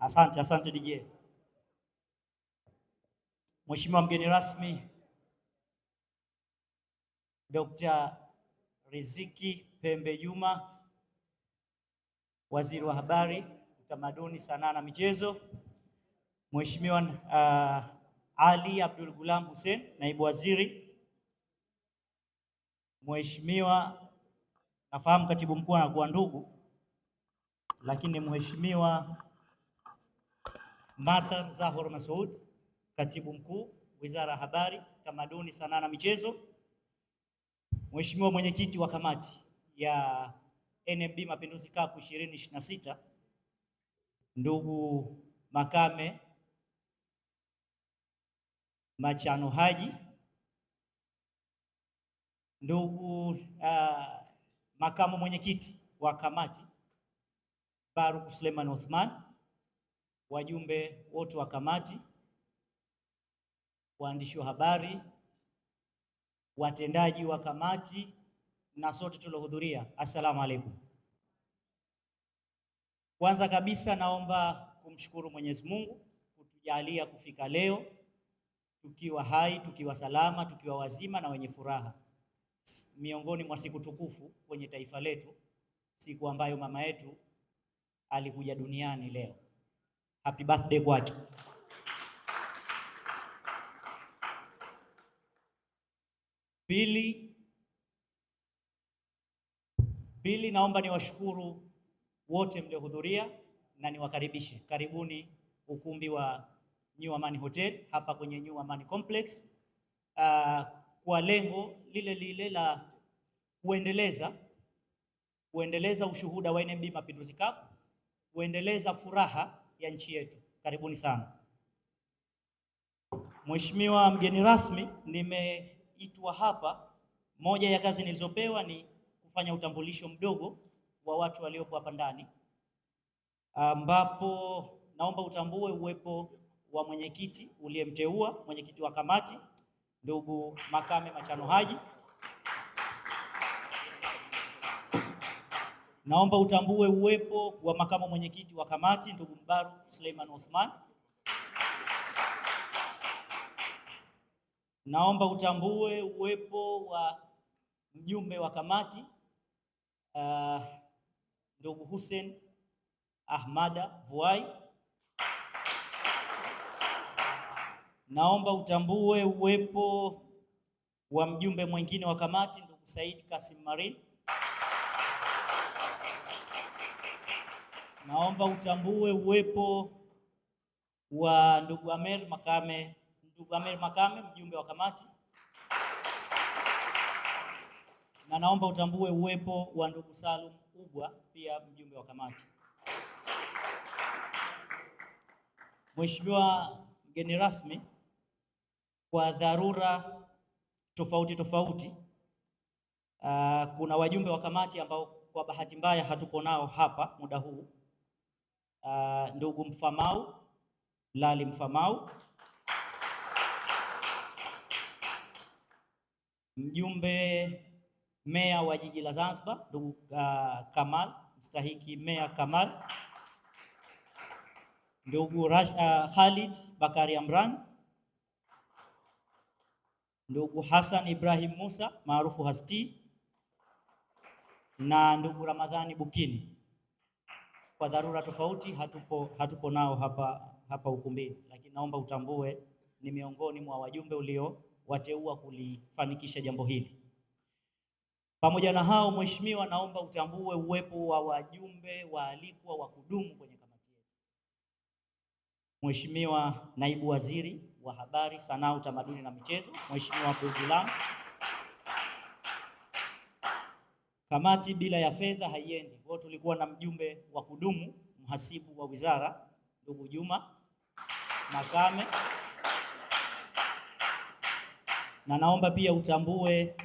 Asante, asante DJ. Mheshimiwa mgeni rasmi Dr. Riziki Pembe Juma, Waziri wa Habari, Utamaduni, Sanaa na Michezo. Mheshimiwa uh, Ali Abdul Gulam Hussein, Naibu Waziri Mheshimiwa, nafahamu katibu mkuu anakuwa ndugu, lakini Mheshimiwa Matar Zahor Masoud, katibu mkuu Wizara ya Habari, Tamaduni, Sanaa na Michezo, Mheshimiwa mwenyekiti wa kamati ya NMB Mapinduzi Cup 2026 ndugu Makame Machano Haji ndugu uh, makamu mwenyekiti wa kamati Baruk Suleiman Othman, wajumbe wote wa kamati, waandishi wa habari, watendaji wa kamati na sote tuliohudhuria, assalamu alaikum. Kwanza kabisa naomba kumshukuru Mwenyezi Mungu kutujalia kufika leo tukiwa hai, tukiwa salama, tukiwa wazima na wenye furaha miongoni mwa siku tukufu kwenye taifa letu, siku ambayo mama yetu alikuja duniani leo. Happy birthday kwake. Pili, pili naomba niwashukuru wote mliohudhuria na niwakaribishe. Karibuni ukumbi wa New Amani Hotel hapa kwenye New Amani Complex. Uh, kwa lengo lile lile la kuendeleza kuendeleza ushuhuda wa NMB Mapinduzi Cup, kuendeleza furaha ya nchi yetu. Karibuni sana. Mheshimiwa mgeni rasmi, nimeitwa hapa, moja ya kazi nilizopewa ni kufanya utambulisho mdogo wa watu waliopo hapa ndani, ambapo naomba utambue uwepo wa mwenyekiti uliyemteua, mwenyekiti wa kamati ndugu Makame Machano Haji, naomba utambue uwepo wa makamu mwenyekiti wa kamati ndugu Mbaruk Suleiman Osman. Naomba utambue uwepo wa mjumbe wa kamati uh, ndugu Hussein Ahmada Vuai Naomba utambue uwepo wa mjumbe mwingine wa kamati, ndugu Said Kasim Marin. Naomba utambue uwepo wa ndugu Amer Makame, ndugu Amer Makame, mjumbe wa kamati, na naomba utambue uwepo wa ndugu Salum Ugwa, pia mjumbe wa kamati. Mheshimiwa mgeni rasmi kwa dharura tofauti tofauti. Uh, kuna wajumbe wa kamati ambao kwa bahati mbaya hatuko nao hapa muda huu. Uh, ndugu Mfamau Lali Mfamau mjumbe meya wa jiji la Zanzibar ndugu uh, Kamal mstahiki meya Kamal, ndugu uh, Khalid Bakari Amran ndugu Hassan Ibrahim Musa maarufu Hasti na ndugu Ramadhani Bukini. Kwa dharura tofauti hatupo, hatupo nao hapa, hapa ukumbini, lakini naomba utambue ni miongoni mwa wajumbe uliowateua kulifanikisha jambo hili. Pamoja na hao, mheshimiwa, naomba utambue uwepo wa wajumbe waalikwa wa kudumu kwenye kamati yetu, Mheshimiwa naibu waziri wa Habari, Sanaa, Utamaduni na Michezo, Mheshimiwa Gulam. Kamati bila ya fedha haiendi. Kwa tulikuwa na mjumbe wa kudumu, mhasibu wa wizara ndugu Juma Makame, na naomba pia utambue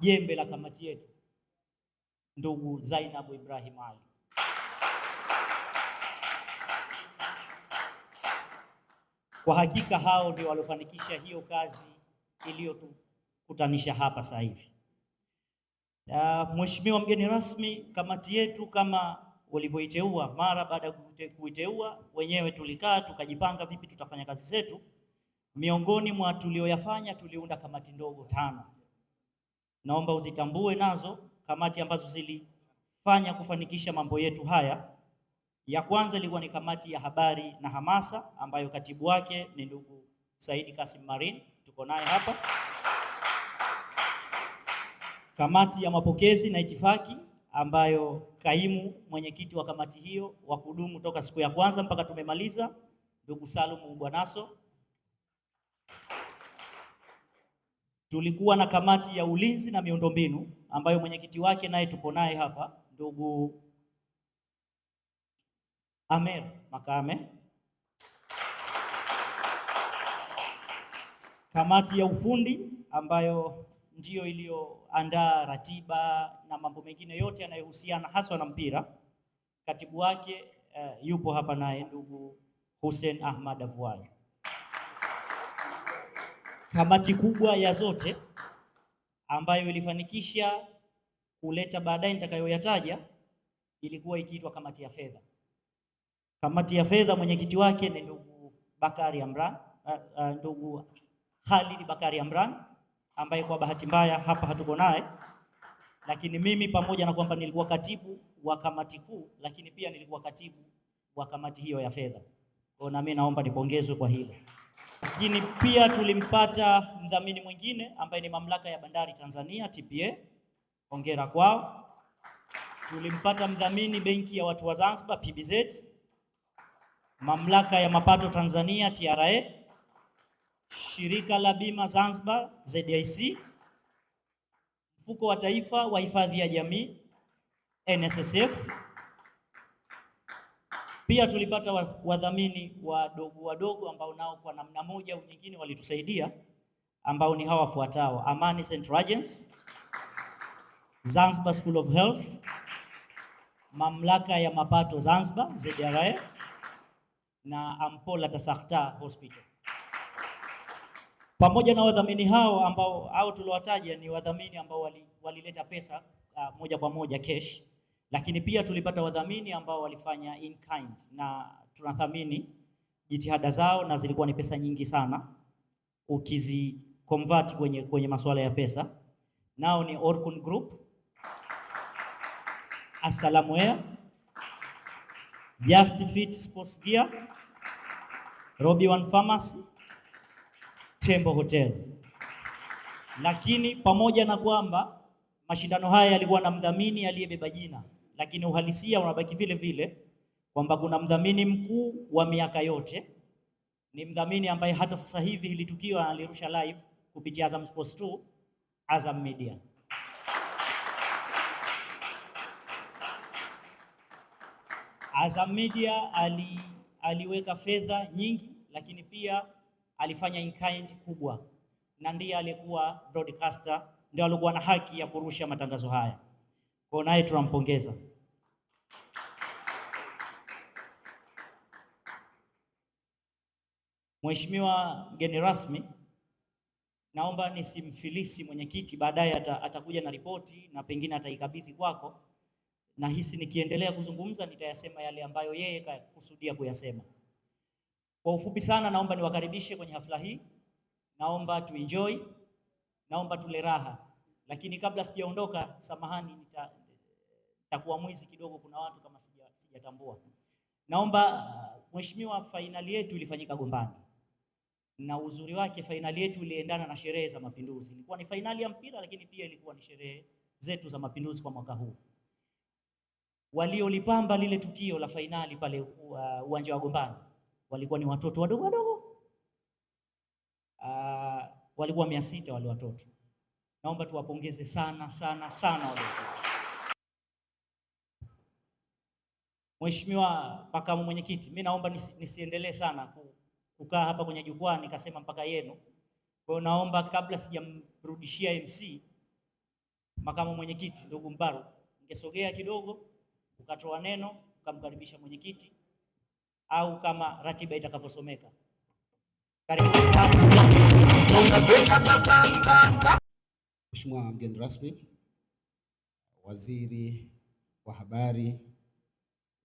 jembe la kamati yetu ndugu Zainabu Ibrahim Ali. Kwa hakika hao ndio waliofanikisha hiyo kazi iliyotukutanisha hapa sasa hivi. Mheshimiwa mgeni rasmi, kamati yetu kama walivyoiteua mara baada ya kuiteua wenyewe, tulikaa tukajipanga vipi tutafanya kazi zetu. Miongoni mwa tulioyafanya, tuliunda kamati ndogo tano, naomba uzitambue nazo, kamati ambazo zilifanya kufanikisha mambo yetu haya. Ya kwanza ilikuwa ni kamati ya habari na hamasa ambayo katibu wake ni ndugu Saidi Kasim Marin, tuko naye hapa. Kamati ya mapokezi na itifaki ambayo kaimu mwenyekiti wa kamati hiyo wa kudumu toka siku ya kwanza mpaka tumemaliza ndugu Salumu Bwanaso. Tulikuwa na kamati ya ulinzi na miundombinu ambayo mwenyekiti wake naye tupo naye hapa ndugu Amer Makame, kamati ya ufundi ambayo ndiyo iliyoandaa ratiba na mambo mengine yote yanayohusiana haswa na mpira. Katibu wake uh, yupo hapa naye ndugu Hussein Ahmad Avuai. Kamati kubwa ya zote ambayo ilifanikisha kuleta baadaye nitakayoyataja ilikuwa ikiitwa kamati ya fedha. Kamati ya fedha mwenyekiti wake ni ndugu Bakari Amran, uh, uh, ndugu Khalid Bakari Amran ambaye kwa bahati mbaya hapa hatuko naye, lakini mimi pamoja na kwamba nilikuwa katibu wa kamati kuu, lakini pia nilikuwa katibu wa kamati hiyo ya fedha, kwa na mimi naomba nipongezwe kwa hilo. Lakini pia tulimpata mdhamini mwingine ambaye ni mamlaka ya bandari Tanzania TPA, hongera kwao. Tulimpata mdhamini benki ya watu wa Zanzibar PBZ Mamlaka ya Mapato Tanzania TRA, Shirika la Bima Zanzibar ZIC, Mfuko wa Taifa wa Hifadhi ya Jamii NSSF. Pia tulipata wadhamini wadogo wadogo ambao nao kwa namna moja au nyingine walitusaidia ambao ni hawa wafuatao: Amani Central Agency, Zanzibar School of Health, Mamlaka ya Mapato Zanzibar ZRA na Ampola Tasakta Hospital. Pamoja na wadhamini hao ambao au tuliwataja ni wadhamini ambao walileta wali pesa uh, moja kwa moja cash, lakini pia tulipata wadhamini ambao walifanya in kind, na tunathamini jitihada zao na zilikuwa ni pesa nyingi sana ukizi convert kwenye, kwenye masuala ya pesa. Nao ni Orkun Group, Assalamu Air Mm-hmm. Just Fit Sports Gear, Robi One Pharmacy, Tembo Hotel. Lakini pamoja na kwamba mashindano haya yalikuwa na mdhamini aliyebeba jina, lakini uhalisia unabaki vile vile kwamba kuna mdhamini mkuu wa miaka yote, ni mdhamini ambaye hata sasa hivi hili tukio analirusha live kupitia Azam Sports 2 Azam Media. Azam Media ali, aliweka fedha nyingi, lakini pia alifanya in kind kubwa, na ndiye aliyekuwa broadcaster, ndio alikuwa na haki ya kurusha matangazo haya, kwa naye tunampongeza. Mheshimiwa mgeni rasmi, naomba nisimfilisi mwenyekiti, baadaye atakuja na ripoti na pengine ataikabidhi kwako nahisi nikiendelea kuzungumza nitayasema yale ambayo yeye kakusudia kuyasema. Kwa ufupi sana, naomba niwakaribishe kwenye hafla hii, naomba tuenjoy, naomba tule raha, lakini kabla sijaondoka, samahani, nitakuwa nita mwizi kidogo, kuna watu kama sijatambua naomba uh, mheshimiwa, fainali yetu ilifanyika Gombani na uzuri wake fainali yetu iliendana na sherehe za Mapinduzi. Ilikuwa ni fainali ya mpira, lakini pia ilikuwa ni sherehe zetu za Mapinduzi kwa mwaka huu waliolipamba lile tukio la fainali pale uh, uwanja wa Gombani walikuwa ni watoto wadogo wadogo, uh, walikuwa mia sita wale watoto. Naomba tuwapongeze sana sana sana wale watoto. Mheshimiwa makamu mwenyekiti, mimi naomba nisi, nisiendelee sana kukaa hapa kwenye jukwaa nikasema mpaka yenu. Kwa hiyo naomba kabla sijamrudishia MC makamu mwenyekiti ndugu Mbarak, ningesogea kidogo ukatoa neno ukamkaribisha mwenyekiti au kama ratiba itakavyosomeka. Mheshimiwa mgeni rasmi, Waziri wa Habari,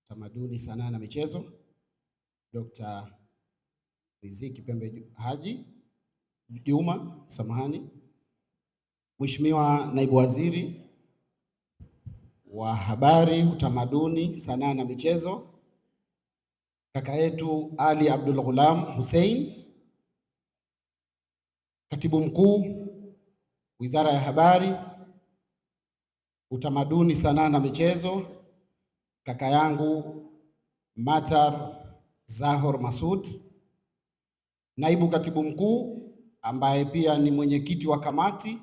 Utamaduni, Sanaa na Michezo Dr. Riziki Pembe Haji Juma, samahani. Mheshimiwa naibu waziri wa habari, utamaduni, sanaa na michezo, kaka yetu Ali Abdul Ghulam Hussein, katibu mkuu Wizara ya Habari, Utamaduni, Sanaa na Michezo, kaka yangu Matar Zahor Masud, naibu katibu mkuu ambaye pia ni mwenyekiti wa kamati,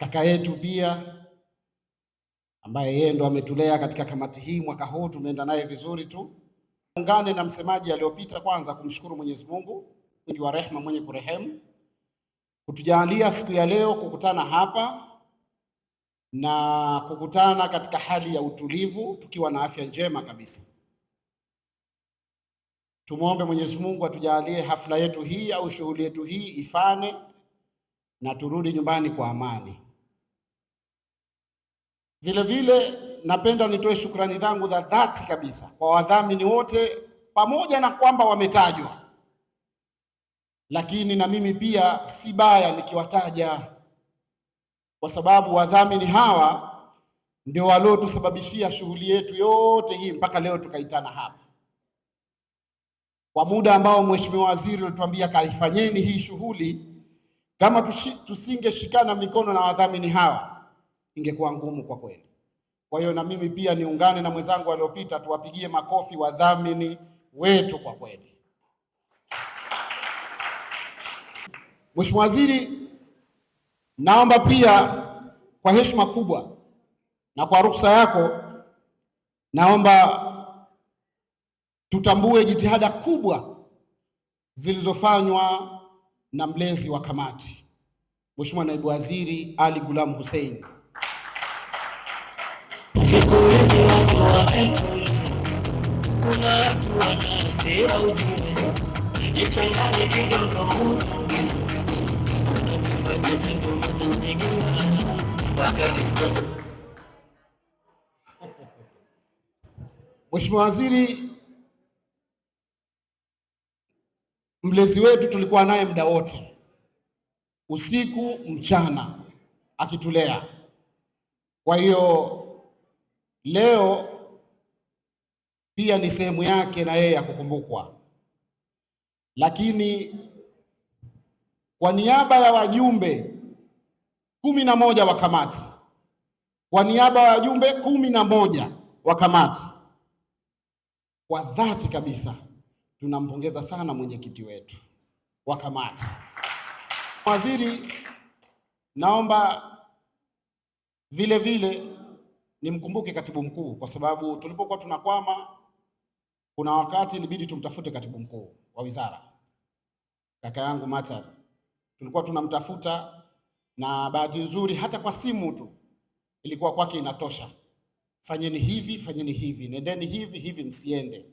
kaka yetu pia ambaye yeye ndo ametulea katika kamati hii mwaka huu, tumeenda naye vizuri tu. Ungane na msemaji aliyopita kwanza kumshukuru Mwenyezi Mungu mwingi wa rehema, mwenye kurehemu kutujalia siku ya leo kukutana hapa na kukutana katika hali ya utulivu tukiwa na afya njema kabisa. Tumwombe Mwenyezi Mungu atujalie hafla yetu hii au shughuli yetu hii ifane na turudi nyumbani kwa amani. Vile vile napenda nitoe shukrani zangu za dhati kabisa kwa wadhamini wote, pamoja na kwamba wametajwa, lakini na mimi pia si baya nikiwataja, kwa sababu wadhamini hawa ndio waliotusababishia shughuli yetu yote hii mpaka leo tukaitana hapa kwa muda ambao Mheshimiwa Waziri alituambia kaifanyeni hii shughuli. Kama tusingeshikana mikono na wadhamini hawa ingekuwa ngumu kwa kweli. Kwa hiyo na mimi pia niungane na mwenzangu aliopita tuwapigie makofi wadhamini wetu kwa kweli. Mheshimiwa Waziri, naomba pia kwa heshima kubwa na kwa ruhusa yako, naomba tutambue jitihada kubwa zilizofanywa na mlezi wa kamati Mheshimiwa Naibu Waziri Ali Gulam Hussein. kuna watu wanasema ujue, kidogo Mheshimiwa Waziri mlezi wetu tulikuwa naye muda wote, usiku mchana, akitulea. Kwa hiyo leo pia ni sehemu yake na yeye ya kukumbukwa. Lakini kwa niaba ya wajumbe kumi na moja wa kamati, kwa niaba ya wajumbe kumi na moja wa kamati, kwa dhati kabisa tunampongeza sana mwenyekiti wetu wa kamati. Waziri, naomba vile vile nimkumbuke katibu mkuu, kwa sababu tulipokuwa tunakwama kuna wakati ilibidi tumtafute katibu mkuu wa wizara, kaka yangu Matar, tulikuwa tunamtafuta na bahati nzuri hata kwa simu tu ilikuwa kwake inatosha. Fanyeni hivi, fanyeni hivi, nendeni hivi hivi, msiende.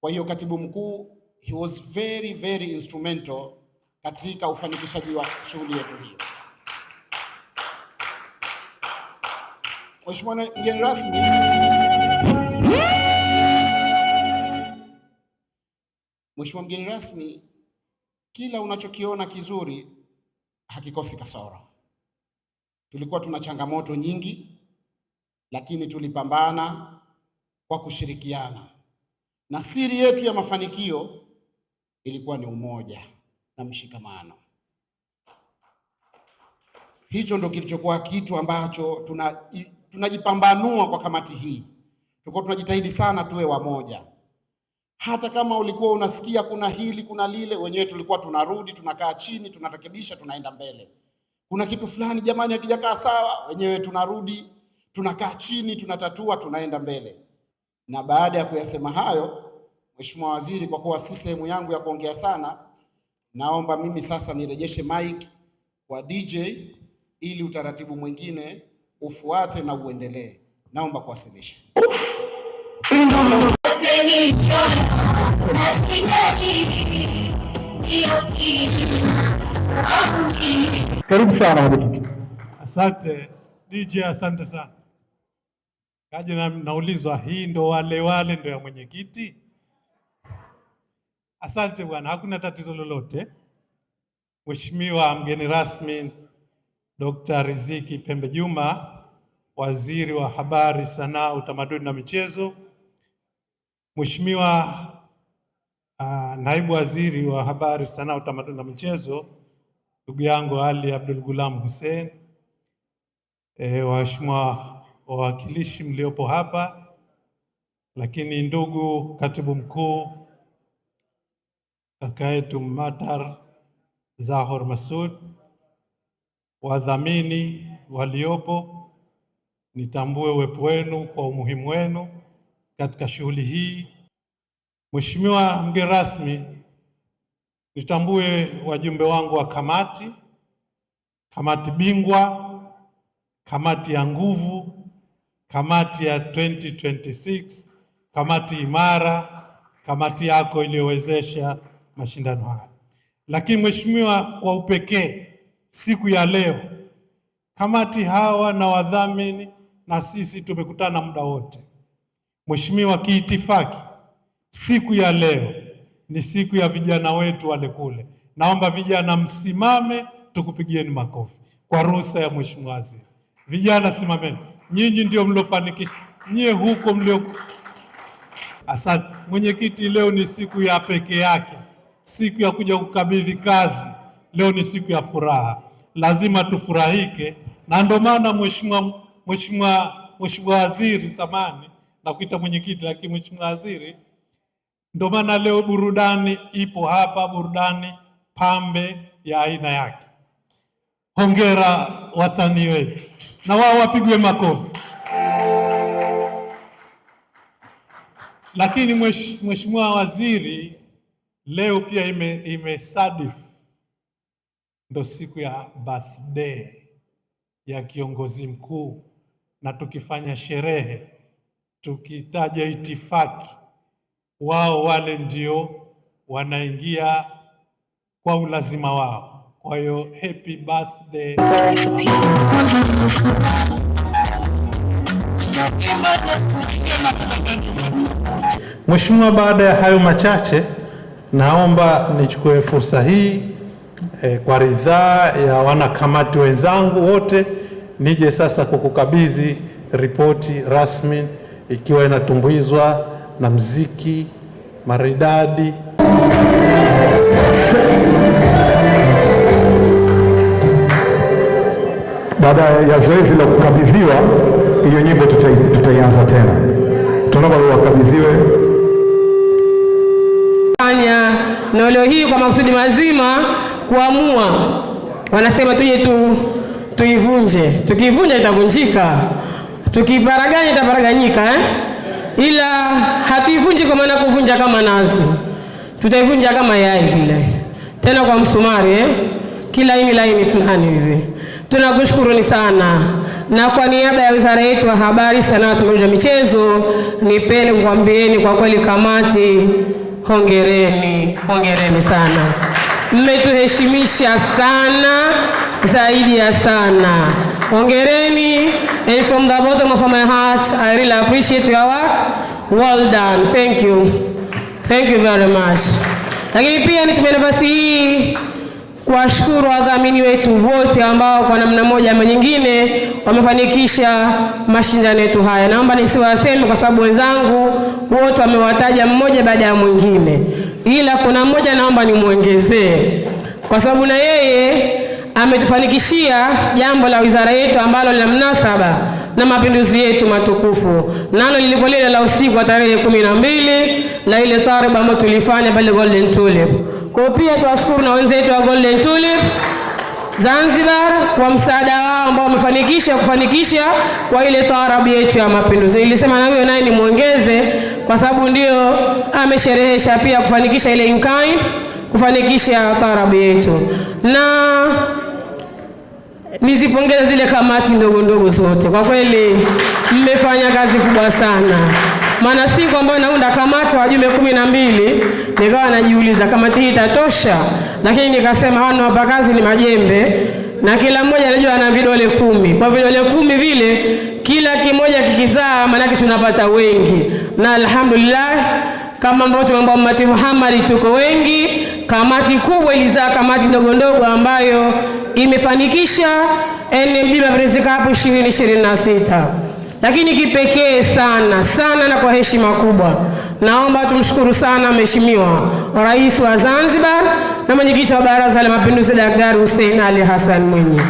Kwa hiyo katibu mkuu he was very very instrumental katika ufanikishaji wa shughuli yetu hiyo. Mheshimiwa mgeni rasmi Mheshimiwa mgeni rasmi, kila unachokiona kizuri hakikosi kasoro. Tulikuwa tuna changamoto nyingi, lakini tulipambana kwa kushirikiana, na siri yetu ya mafanikio ilikuwa ni umoja na mshikamano. Hicho ndo kilichokuwa kitu ambacho tunajipambanua tuna kwa kamati hii, tulikuwa tunajitahidi sana tuwe wamoja hata kama ulikuwa unasikia kuna hili kuna lile, wenyewe tulikuwa tunarudi tunakaa chini tunarekebisha tunaenda mbele. Kuna kitu fulani jamani, hakijakaa sawa, wenyewe tunarudi tunakaa chini tunatatua tunaenda mbele. Na baada ya kuyasema hayo, Mheshimiwa Waziri, kwa kuwa si sehemu yangu ya kuongea sana, naomba mimi sasa nirejeshe mic kwa DJ ili utaratibu mwingine ufuate na uendelee. Naomba kuwasilisha. Karibu sana mwenyekiti. Asante DJ, asante sana. Kaje na, naulizwa hii ndo wale wale ndo ya mwenyekiti. Asante bwana, hakuna tatizo lolote. Mheshimiwa mgeni rasmi Dr. Riziki Pembe Juma, waziri wa habari, sanaa, utamaduni na michezo Mheshimiwa uh, naibu waziri wa habari, sanaa, utamaduni na michezo, ndugu yangu Ali Abdul Gulam Hussein, e, waheshimiwa wawakilishi mliopo hapa, lakini ndugu katibu mkuu kaka yetu Matar Zahor Masud, wadhamini waliopo, nitambue uwepo wenu kwa umuhimu wenu katika shughuli hii. Mheshimiwa mgeni rasmi, nitambue wajumbe wangu wa kamati, kamati bingwa, kamati ya nguvu, kamati ya 2026, kamati imara, kamati yako iliyowezesha mashindano haya. Lakini mheshimiwa, kwa upekee siku ya leo kamati hawa na wadhamini na sisi tumekutana muda wote Mheshimiwa, kiitifaki siku ya leo ni siku ya vijana wetu wale kule. Naomba vijana msimame, tukupigieni makofi kwa ruhusa ya Mheshimiwa Waziri. Vijana simameni, nyinyi ndio mliofanikisha, nyie huko mlio. Asante mwenyekiti. Leo ni siku ya pekee yake, siku ya kuja kukabidhi kazi. Leo ni siku ya furaha, lazima tufurahike, na ndio maana mheshimiwa mheshimiwa mheshimiwa waziri samani na kuita mwenyekiti, lakini mheshimiwa waziri, ndio maana leo burudani ipo hapa, burudani pambe ya aina yake. Hongera wasanii wetu, na wao wapigwe makofi. Lakini mheshimiwa waziri, leo pia ime, ime ndo siku ya birthday ya kiongozi mkuu, na tukifanya sherehe tukitaja itifaki, wao wale ndio wanaingia kwa ulazima wao. Kwa hiyo happy birthday Mheshimiwa. Baada ya hayo machache, naomba nichukue fursa hii eh, kwa ridhaa ya wanakamati wenzangu wote, nije sasa kukukabidhi ripoti rasmi ikiwa inatumbuizwa na mziki maridadi baada ya zoezi la kukabidhiwa hiyo nyimbo tutaianza tuta tena, tunaomba wakabidhiwe fanya na leo hii kwa makusudi mazima kuamua, wanasema tuje tu tuivunje, tukivunja itavunjika tukiparaganya itaparaganyika eh? Ila hatuivunji kwa maana kuvunja kama nazi, tutaivunja kama yai vile, tena kwa msumari eh? Kilaini laini fulani hivi. Tunakushukuruni sana na kwa niaba ya wizara yetu wa Habari, Sanaa, Utamaduni na Michezo, nipende kukwambieni kwa kweli, kamati, hongereni, hongereni sana, mmetuheshimisha sana zaidi ya sana. Hongereni, and from the bottom of my heart I really appreciate your work. Well done. Thank you. Thank you very much. Lakini pia nitumie nafasi hii kuwashukuru wadhamini wetu wote ambao kwa namna moja ama nyingine wamefanikisha mashindano yetu haya. Naomba nisiwaseme kwa sababu wenzangu wote wamewataja mmoja baada ya mwingine, ila kuna mmoja naomba nimwongezee kwa sababu na yeye ametufanikishia jambo la wizara yetu ambalo lina mnasaba na mapinduzi yetu matukufu, nalo lilikuwa lile la usiku wa tarehe kumi na mbili na ile tariba ambayo tulifanya pale Golden Tulip. Kwa pia tuwashukuru na wenzetu wa Golden Tulip Zanzibar kwa msaada wao ambao wamefanikisha kufanikisha kwa ile taarabu yetu ya mapinduzi. Nilisema na huyo naye nimwongeze, kwa sababu ndio amesherehesha pia kufanikisha ile in kind, kufanikisha taarabu yetu na nizipongeze zile kamati ndogo ndogo zote, kwa kweli mmefanya kazi kubwa sana, maana siku ambayo naunda kamati wajumbe kumi na mbili nikawa najiuliza kamati hii itatosha, lakini nikasema wana hapa kazi ni majembe na kila mmoja anajua ana vidole kumi. Kwa vidole kumi vile kila kimoja kikizaa, maanake tunapata wengi, na alhamdulillah kama ambavyo tumeomba Mtume Muhammad, tuko wengi. Kamati kubwa ilizaa kamati ndogo ndogo ambayo imefanikisha NMB Mapress Cup 2026 lakini kipekee sana sana na kwa heshima kubwa, naomba tumshukuru sana Mheshimiwa Rais wa Zanzibar na mwenyekiti wa Baraza la Mapinduzi Daktari Hussein Ali Hassan Mwinyi.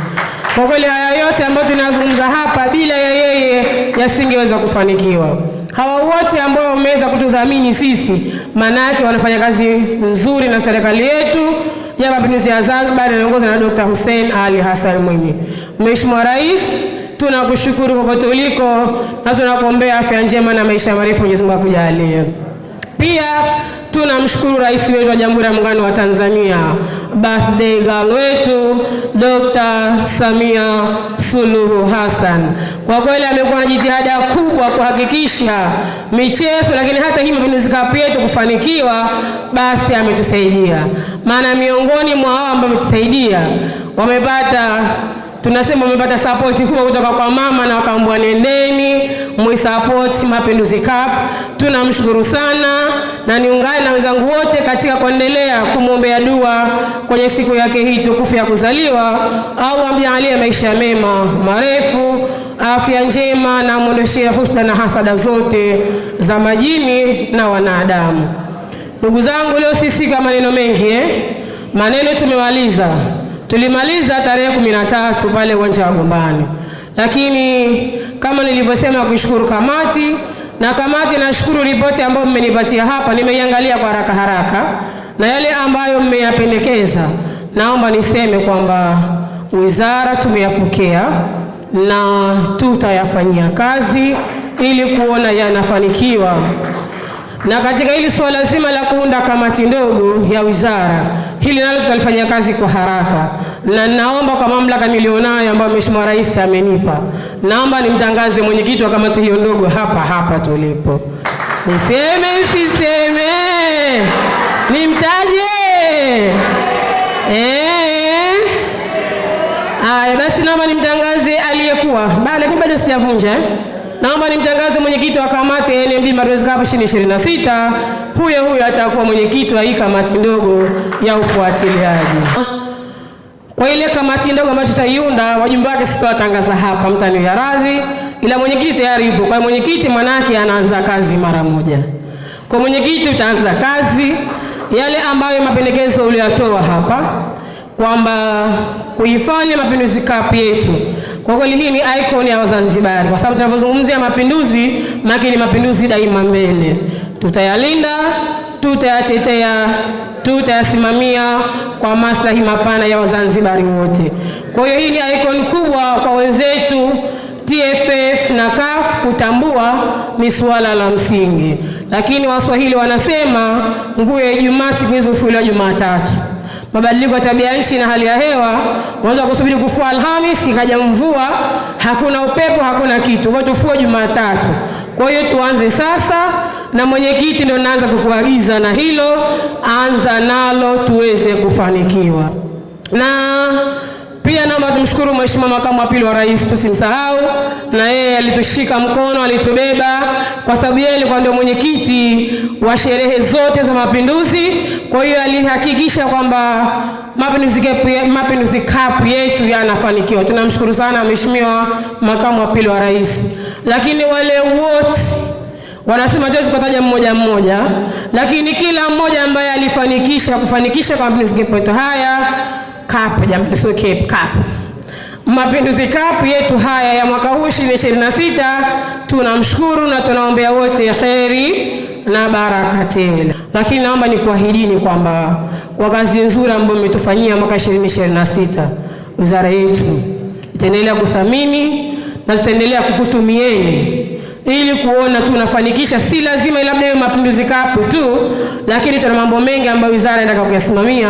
Kwa kweli haya yote ambayo tunayazungumza hapa, bila ya yeye yasingeweza kufanikiwa. Hawa wote ambao wameweza kutudhamini sisi, maana yake wanafanya kazi nzuri na serikali yetu ya mapinduzi ya Zanzibar inaongozwa na Dr. Hussein Ali Hassan Mwinyi. Mheshimiwa Rais, tunakushukuru popote uliko na tunakuombea afya njema na maisha marefu Mwenyezi Mungu akujalie. Pia tunamshukuru rais wetu wa Jamhuri ya Muungano wa Tanzania, birthday girl wetu Dr. Samia Suluhu Hassan. Kwa kweli amekuwa na jitihada kubwa kuhakikisha michezo, lakini hata hii Mapinduzi Cup yetu kufanikiwa, basi ametusaidia, maana miongoni mwa hao ambao ametusaidia wamepata tunasema umepata sapoti kubwa kutoka kwa mama na wakaambua nendeni mwisapoti Mapinduzi Cup. Tunamshukuru sana na niungane na wenzangu wote katika kuendelea kumwombea dua kwenye siku yake hii tukufu ya kuzaliwa. Au ambia alie maisha mema marefu, afya njema, na mwondoshee husda na hasada zote za majini na wanadamu. Ndugu zangu, leo si siku ya maneno mengi eh? Maneno tumemaliza Tulimaliza tarehe kumi na tatu pale uwanja wa Gombani, lakini kama nilivyosema, kushukuru kamati na kamati, nashukuru ripoti ambayo mmenipatia hapa, nimeiangalia kwa haraka haraka na yale ambayo mmeyapendekeza, naomba niseme kwamba wizara tumeyapokea na tutayafanyia kazi ili kuona yanafanikiwa. Na katika hili suala zima la kuunda kamati ndogo ya wizara Hili nalo tutalifanya kazi kwa haraka, na naomba kwa mamlaka nilionayo ambayo Mheshimiwa Rais amenipa, naomba nimtangaze mwenyekiti wa kamati hiyo ndogo hapa hapa tulipo. Niseme siseme, nimtaje? Eh, haya eh. basi, naomba nimtangaze aliyekuwa bale, bado sijavunja eh? Naomba nimtangaze mwenyekiti wa kamati ya NMB Maruweza Cup 2026. Huyo huyo atakuwa mwenyekiti wa hii kamati ndogo ya ufuatiliaji. Kwa ile kamati ndogo ambayo tutaiunda, wajumbe wake sitawatangaza hapa, mtaniwia radhi, ila mwenyekiti tayari yupo. Kwa mwenyekiti manake anaanza kazi mara moja. Kwa mwenyekiti utaanza kazi yale ambayo mapendekezo uliyatoa hapa kwamba kuifanya Mapinduzi Cup yetu kwa kweli hii ni icon ya Wazanzibari, kwa sababu tunavyozungumzia mapinduzi, maki ni mapinduzi daima mbele. Tutayalinda, tutayatetea, tutayasimamia kwa maslahi mapana ya Wazanzibari wote. Kwa hiyo hii ni icon kubwa kwa wenzetu TFF na CAF kutambua ni suala la msingi, lakini Waswahili wanasema nguo ya Ijumaa siku hizi hufuliwa Jumatatu mabadiliko ya tabia nchi na hali ya hewa, unaweza kusubiri kufua Alhamis ikaja mvua, hakuna upepo, hakuna kitu, kwa tufue Jumatatu. Kwa hiyo tuanze sasa, na mwenyekiti ndio naanza kukuagiza na hilo, anza nalo tuweze kufanikiwa na pia naomba tumshukuru Mheshimiwa makamu wa pili wa rais, tusimsahau na yeye alitushika mkono, alitubeba kwa sababu yeye alikuwa ndio mwenyekiti wa sherehe zote za Mapinduzi. Kwa hiyo alihakikisha kwamba Mapinduzi Cup yetu yanafanikiwa. Tunamshukuru sana Mheshimiwa makamu wa pili wa rais, lakini wale wote wanasema tuwezi kutaja mmoja mmoja, lakini kila mmoja ambaye alifanikisha kufanikisha kwa Mapinduzi Cup yetu haya Cup, jamani, sio Cape, Cup. Mapinduzi Cup yetu haya ya mwaka huu 2026 tunamshukuru na tunaombea wote kheri na baraka tena. Lakini naomba nikuahidini kwamba kwa kazi nzuri ambayo umetufanyia mwaka 2026, wizara yetu itaendelea kuthamini na tutaendelea kukutumieni ili kuona tunafanikisha Si lazima labda iwe Mapinduzi kapu tu, lakini tuna mambo mengi ambayo wizara inataka kuyasimamia,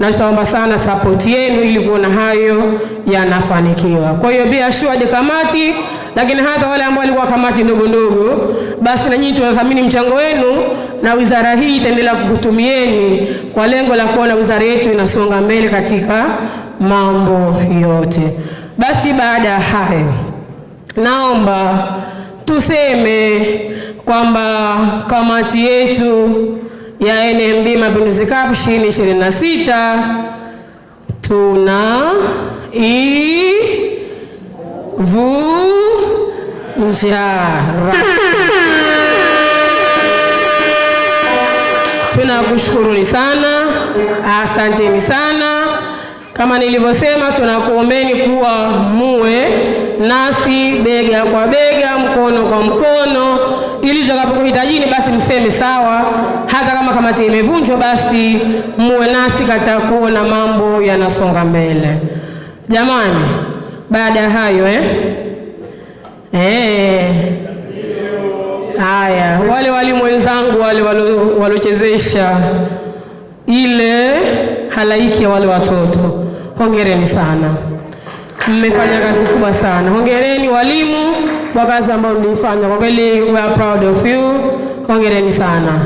na tutaomba sana support yenu ili kuona hayo yanafanikiwa. Kwa hiyo be assured kamati, lakini hata wale ambao walikuwa kamati ndogo ndogo, basi na nyinyi tunathamini mchango wenu, na wizara hii itaendelea kukutumieni kwa lengo la kuona wizara yetu inasonga mbele katika mambo yote. Basi baada ya hayo naomba tuseme kwamba kamati yetu ya NMB Mapinduzi Cup 2026 tuna ivunjara. Tunakushukuruni sana, asanteni sana. Kama nilivyosema, tunakuombeni kuwa muwe nasi bega kwa bega, mkono kwa mkono, ili tutakapokuhitajini basi mseme sawa. Hata kama kamati imevunjwa, basi muwe nasi katika kuona mambo yanasonga mbele. Jamani, baada ya hayo eh? Eh. Haya, wale walimu wenzangu wale walochezesha ile halaiki ya wale watoto. Hongereni sana, mmefanya kazi kubwa sana. Hongereni walimu kwa kazi ambayo mliifanya, kwa kweli we are proud of you. Hongereni sana.